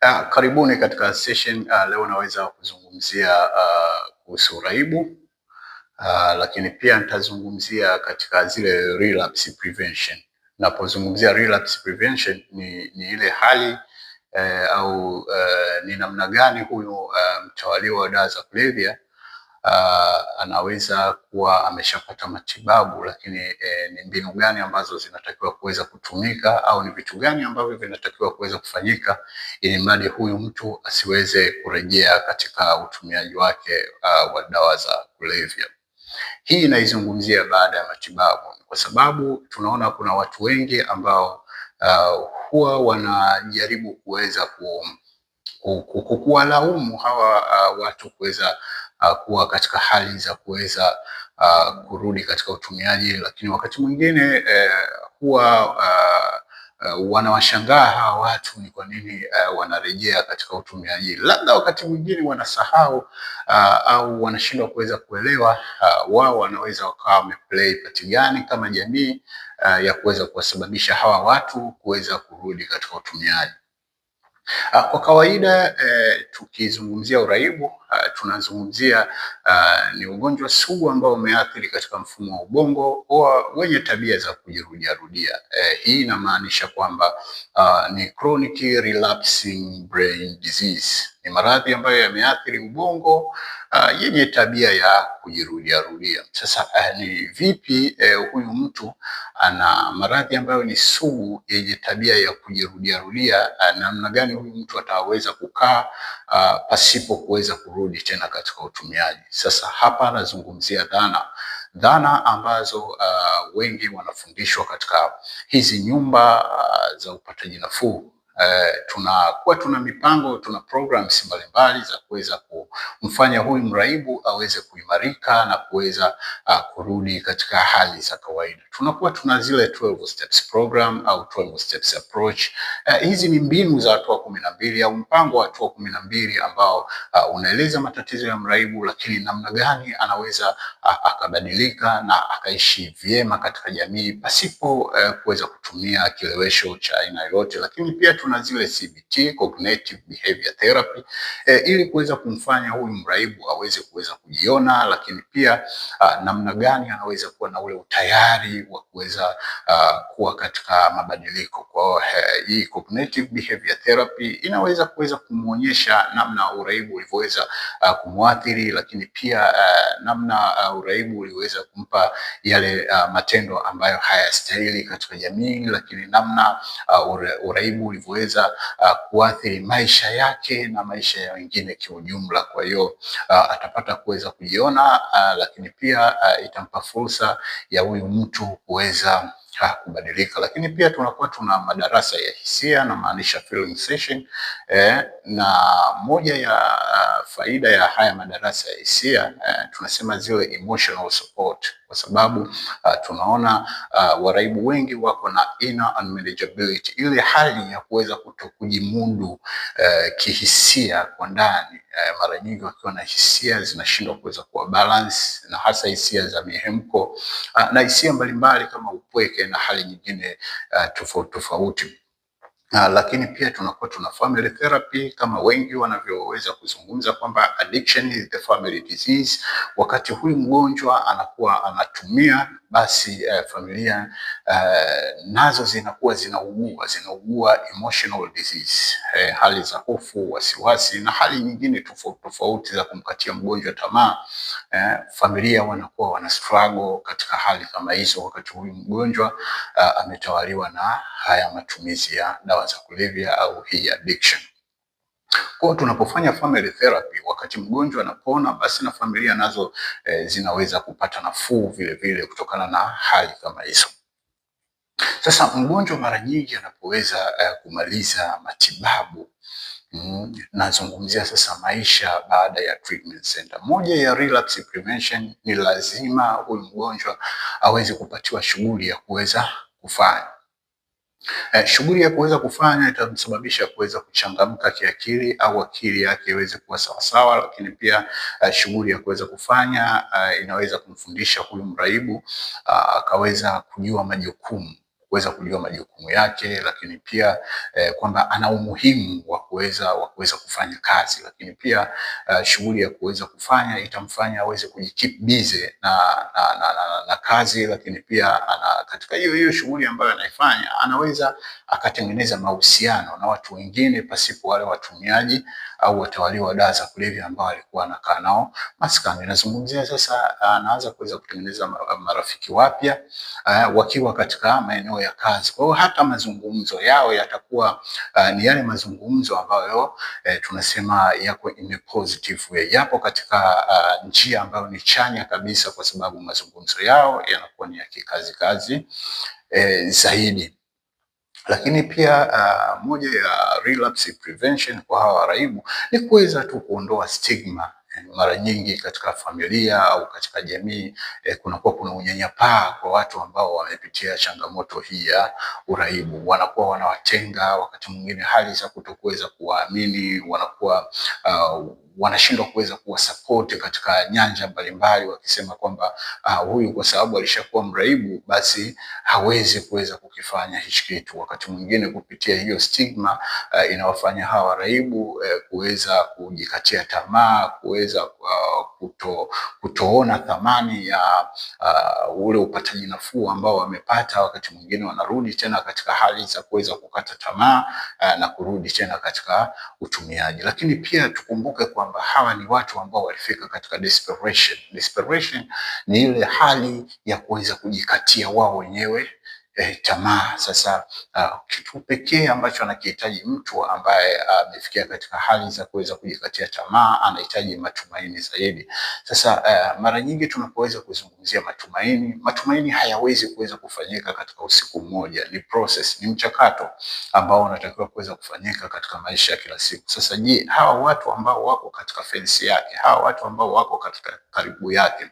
Ah, karibuni katika session. Ah, leo naweza kuzungumzia ah, kuhusu uraibu, lakini pia nitazungumzia katika zile relapse prevention. Napozungumzia relapse prevention ni, ni ile hali eh, au eh, ni namna gani huyu eh, mtawaliwa wa dawa za kulevya uh, anaweza kuwa ameshapata matibabu, lakini eh, ni mbinu gani ambazo zinatakiwa kuweza kutumika au ni vitu gani ambavyo vinatakiwa kuweza kufanyika ili mradi huyu mtu asiweze kurejea katika utumiaji wake uh, wa dawa za kulevya. Hii inaizungumzia baada ya matibabu, kwa sababu tunaona kuna watu wengi ambao uh, huwa wanajaribu kuweza ku, ku, ku, kuwalaumu hawa uh, watu kuweza Uh, kuwa katika hali za kuweza uh, kurudi katika utumiaji, lakini wakati mwingine uh, huwa wanawashangaa hawa watu ni kwa nini wanarejea katika utumiaji. Labda wakati mwingine wanasahau au wanashindwa kuweza kuelewa wao wanaweza wakawa wameplay pati gani kama jamii ya kuweza kuwasababisha hawa watu kuweza kurudi katika utumiaji. Ah, kwa kawaida eh, tukizungumzia uraibu uh, tunazungumzia uh, ni ugonjwa sugu ambao umeathiri katika mfumo wa ubongo wa wenye tabia za kujirudiarudia. Eh, hii inamaanisha kwamba uh, ni chronic relapsing brain disease, ni maradhi ambayo yameathiri ubongo uh, yenye tabia ya kujirudiarudia. Sasa uh, ni vipi eh, huyu mtu ana maradhi ambayo ni sugu yenye tabia ya rudia, ah, namna gani huyu mtu ataweza kukaa ah, pasipo kuweza kurudi tena katika utumiaji. Sasa hapa anazungumzia dhana dhana ambazo uh, wengi wanafundishwa katika hizi nyumba uh, za upataji nafuu Eh, tunakuwa tuna mipango, tuna programs mbalimbali za kuweza kumfanya huyu mraibu aweze kuimarika na kuweza uh, kurudi katika hali za kawaida. Tunakuwa tuna zile 12 steps program au 12 steps approach. Uh, hizi ni mbinu za hatua kumi na mbili au mpango wa hatua kumi na mbili ambao uh, unaeleza matatizo ya mraibu, lakini namna gani anaweza uh, akabadilika na akaishi vyema katika jamii pasipo uh, kuweza kutumia kilewesho cha aina yoyote, lakini pia tuna zile CBT, cognitive behavior therapy e, ili kuweza kumfanya huyu mraibu aweze kuweza kujiona, lakini pia uh, namna gani anaweza kuwa na ule utayari wa kuweza uh, kuwa katika mabadiliko. Kwa hii cognitive behavior therapy inaweza kuweza kumuonyesha namna uraibu ulivyoweza uh, kumwathiri, lakini pia uh, namna uh, uraibu uliweza kumpa yale uh, matendo ambayo hayastahili katika jamii, lakini namna uh, uraibu ulivyoweza kuweza uh, ah, kuathiri maisha yake na maisha ya wengine kiujumla. Kwa hiyo uh, atapata kuweza kujiona uh, lakini pia uh, itampa fursa ya huyu mtu kuweza kubadilika, lakini pia tunakuwa tuna madarasa ya hisia maanisha feeling session eh, na moja ya ah, faida ya haya madarasa ya hisia eh, tunasema zile emotional support kwa sababu uh, tunaona uh, waraibu wengi wako na inner unmanageability, ile hali ya kuweza kutokujimundu uh, kihisia kwa ndani Eh, mara nyingi wakiwa na hisia zinashindwa kuweza kuwa balance na hasa hisia za mihemko ah, na hisia mbalimbali kama upweke na hali nyingine ah, tofauti tofauti. Na, ah, lakini pia tunakuwa tuna family therapy kama wengi wanavyoweza kuzungumza kwamba addiction is the family disease, wakati huyu mgonjwa anakuwa anatumia basi eh, familia eh, nazo zinakuwa zinaugua zinaugua emotional disease, eh, hali za hofu, wasiwasi na hali nyingine tofauti tofauti za kumkatia mgonjwa tamaa. Familia wanakuwa wana struggle katika hali kama hizo, wakati huyu mgonjwa ametawaliwa na haya matumizi ya dawa za kulevya au hii addiction. Kwa tunapofanya family therapy wakati mgonjwa anapona, basi na familia nazo e, zinaweza kupata nafuu vile vile kutokana na hali kama hizo. Sasa mgonjwa mara nyingi anapoweza e, kumaliza matibabu Mm, nazungumzia sasa maisha baada ya treatment center. Moja ya relapse prevention ni lazima huyu mgonjwa aweze kupatiwa shughuli ya kuweza kufanya Eh, shughuli ya kuweza kufanya itamsababisha kuweza kuchangamka kiakili au akili yake iweze kuwa sawasawa, lakini pia eh, shughuli ya kuweza kufanya eh, inaweza kumfundisha huyu mraibu ah, akaweza ah, kujua majukumu kuweza kujua majukumu yake, lakini pia eh, kwamba ana umuhimu wa kuweza wa kuweza kufanya kazi, lakini pia uh, shughuli ya kuweza kufanya itamfanya aweze kujikeep busy na, na, na, na, na kazi, lakini pia ana, katika hiyo hiyo shughuli ambayo anaifanya anaweza akatengeneza mahusiano na watu wengine pasipo wale watumiaji au watawaliwa wa dawa za kulevya ambao alikuwa anakaa nao maskani. Nazungumzia sasa, anaanza kuweza kutengeneza marafiki wapya uh, wakiwa katika maeneo maeneo ya kazi. Kwa hiyo hata mazungumzo yao yatakuwa uh, ni yale mazungumzo ambayo eh, tunasema yako in a positive way, yapo katika uh, njia ambayo ni chanya kabisa, kwa sababu mazungumzo yao yanakuwa ni ya kikazi kazi eh, zaidi lakini pia uh, moja ya relapse prevention kwa hawa waraibu ni kuweza tu kuondoa stigma mara nyingi katika familia au katika jamii eh, kunakuwa kuna unyanyapaa kwa watu ambao wamepitia changamoto hii ya uraibu. Wanakuwa wanawatenga, wakati mwingine hali za kutokuweza kuwaamini, wanakuwa uh, wanashindwa kuweza kuwasapoti katika nyanja mbalimbali, wakisema kwamba uh, huyu kwa sababu alishakuwa mraibu basi hawezi kuweza kukifanya hichi kitu. Wakati mwingine kupitia hiyo stigma uh, inawafanya hawa waraibu uh, eh, kuweza kujikatia tamaa, kuweza uh, kuto, kutoona thamani ya uh, ule upataji nafuu ambao wamepata. Wakati mwingine wanarudi tena katika hali za kuweza kukata tamaa uh, na kurudi tena katika utumiaji, lakini pia tukumbuke kwa kwamba hawa ni watu ambao walifika katika desperation. Desperation ni ile hali ya kuweza kujikatia wao wenyewe eh, tamaa. Sasa uh, kitu pekee ambacho anakihitaji mtu ambaye ah, amefikia uh, katika hali za kuweza kujikatia tamaa, anahitaji matumaini zaidi. Sasa uh, mara nyingi tunapoweza kuzungumzia matumaini, matumaini hayawezi kuweza kufanyika katika usiku mmoja. Ni process, ni mchakato ambao unatakiwa kuweza kufanyika katika maisha ya kila siku. Sasa je, hawa watu ambao wako katika fensi yake, hawa watu ambao wako katika karibu yake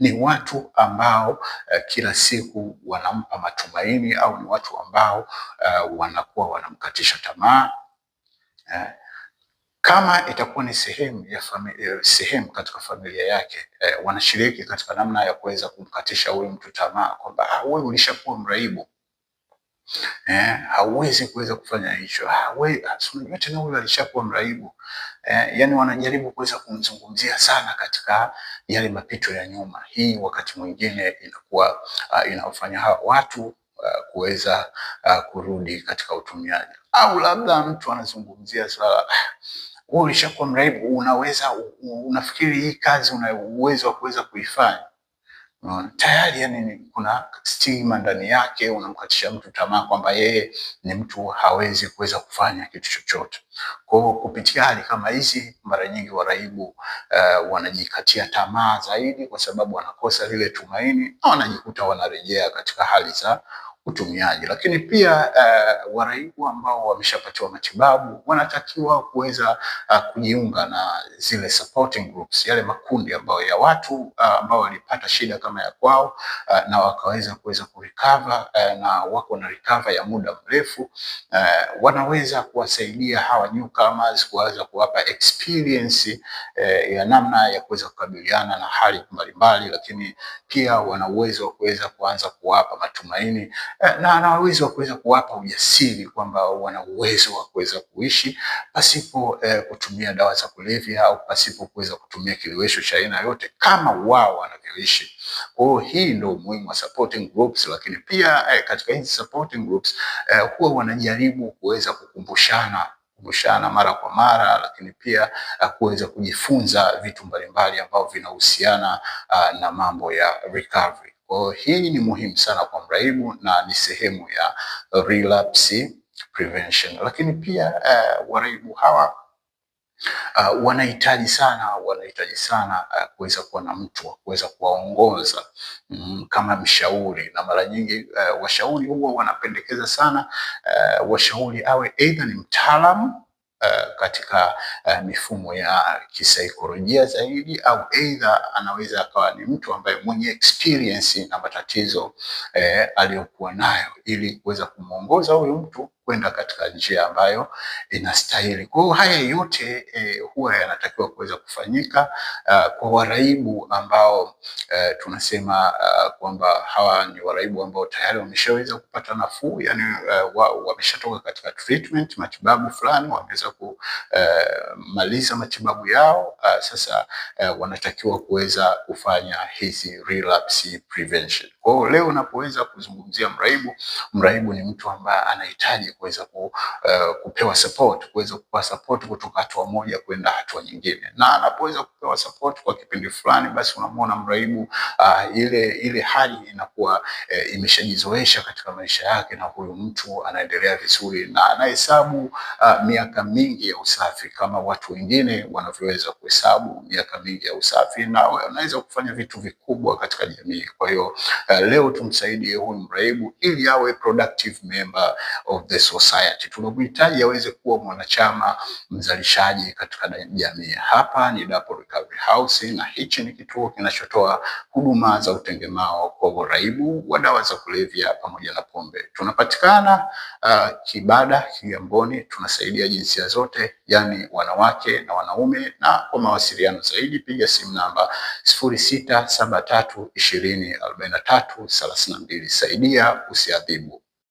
ni watu ambao uh, kila siku wanampa matumaini laini au ni watu ambao uh, wanakuwa wanamkatisha tamaa eh. Kama itakuwa ni sehemu ya familia, eh, sehemu katika familia yake eh, wanashiriki katika namna ya kuweza kumkatisha huyu mtu tamaa kwamba ah, wewe ulishakuwa mraibu eh, hauwezi kuweza kufanya hicho, ah, ah, unajua tena huyu alishakuwa mraibu eh, yani wanajaribu kuweza kumzungumzia sana katika yale mapito ya nyuma. Hii wakati mwingine inakuwa uh, inawafanya hawa watu Eh, kuweza uh, kurudi katika utumiaji. Au labda mtu anazungumzia swala wewe ulishakuwa mraibu, unaweza unafikiri hii kazi una uwezo wa kuweza kuifanya no? Tayari yani kuna stigma ndani yake, unamkatisha mtu tamaa kwamba yeye ni mtu hawezi kuweza kufanya kitu chochote. Kwa hiyo kupitia hali kama hizi, mara nyingi waraibu uh, wanajikatia tamaa zaidi, kwa sababu wanakosa lile tumaini na wanajikuta wanarejea katika hali za utumiaji. Lakini pia uh, waraibu ambao wameshapatiwa matibabu wanatakiwa kuweza uh, kujiunga na zile supporting groups, yale makundi ambayo ya watu uh, ambao walipata shida kama ya kwao uh, na wakaweza kuweza kurecover uh, na wako na recover ya muda mrefu uh, wanaweza kuwasaidia hawa newcomers kuweza kuwapa experience uh, ya namna ya kuweza kukabiliana na hali mbalimbali, lakini pia wana uwezo wa kuweza kuanza kuwapa matumaini Eh, na ana uwezo wa kuweza kuwapa ujasiri kwamba wana uwezo wa kuweza kuishi pasipo eh, kutumia dawa za kulevya au pasipo kuweza kutumia kilowesho cha aina yote kama wao wanavyoishi. Kwa hiyo hii ndio umuhimu wa supporting groups, lakini pia eh, katika hizi supporting groups eh, huwa wanajaribu kuweza kukumbushana kukumbushana mara kwa mara, lakini pia ah, kuweza kujifunza vitu mbalimbali ambavyo vinahusiana ah, na mambo ya recovery. Kwa hii ni muhimu sana kwa mraibu na ni sehemu ya relapse prevention, lakini pia uh, waraibu hawa uh, wanahitaji sana wanahitaji sana uh, kuweza kuwa na mtu wa kuweza kuwaongoza mm, kama mshauri, na mara nyingi uh, washauri huwa wanapendekeza sana uh, washauri awe aidha ni mtaalamu Uh, katika uh, mifumo ya kisaikolojia zaidi au aidha anaweza akawa ni mtu ambaye mwenye experience na matatizo eh, aliyokuwa nayo ili kuweza kumwongoza huyu mtu kwenda katika njia ambayo inastahili. Kwa hiyo haya yote e, huwa yanatakiwa kuweza kufanyika uh, kwa waraibu ambao uh, tunasema uh, kwamba hawa ni waraibu ambao tayari wameshaweza kupata nafuu, yani uh, wameshatoka katika treatment, matibabu fulani wameweza kumaliza uh, matibabu yao uh, sasa uh, wanatakiwa kuweza kufanya hizi relapse prevention. Kwa hiyo leo unapoweza kuzungumzia mraibu, mraibu ni mtu ambaye anahitaji kuweza ku, uh, kupewa support, kuweza kupewa support kutoka hatua moja kwenda hatua nyingine, na anapoweza kupewa support kwa kipindi fulani, basi unamwona mraibu uh, ile, ile hali inakuwa uh, imeshajizoesha katika maisha yake, na huyu mtu anaendelea vizuri na anahesabu uh, miaka mingi ya usafi kama watu wengine wanavyoweza kuhesabu miaka mingi ya usafi, na anaweza kufanya vitu vikubwa katika jamii. Kwa hiyo uh, leo tumsaidie huyu mraibu ili awe productive member of the society. Tunamhitaji aweze kuwa mwanachama mzalishaji katika jamii. Hapa ni Dapo Recovery House na hichi ni kituo kinachotoa huduma za utengemao kwa uraibu wa dawa za kulevya pamoja na pombe. Tunapatikana uh, Kibada, Kigamboni. Tunasaidia jinsia zote, yani wanawake na wanaume, na kwa mawasiliano zaidi piga simu namba sifuri tatu Saidia usiadhibu.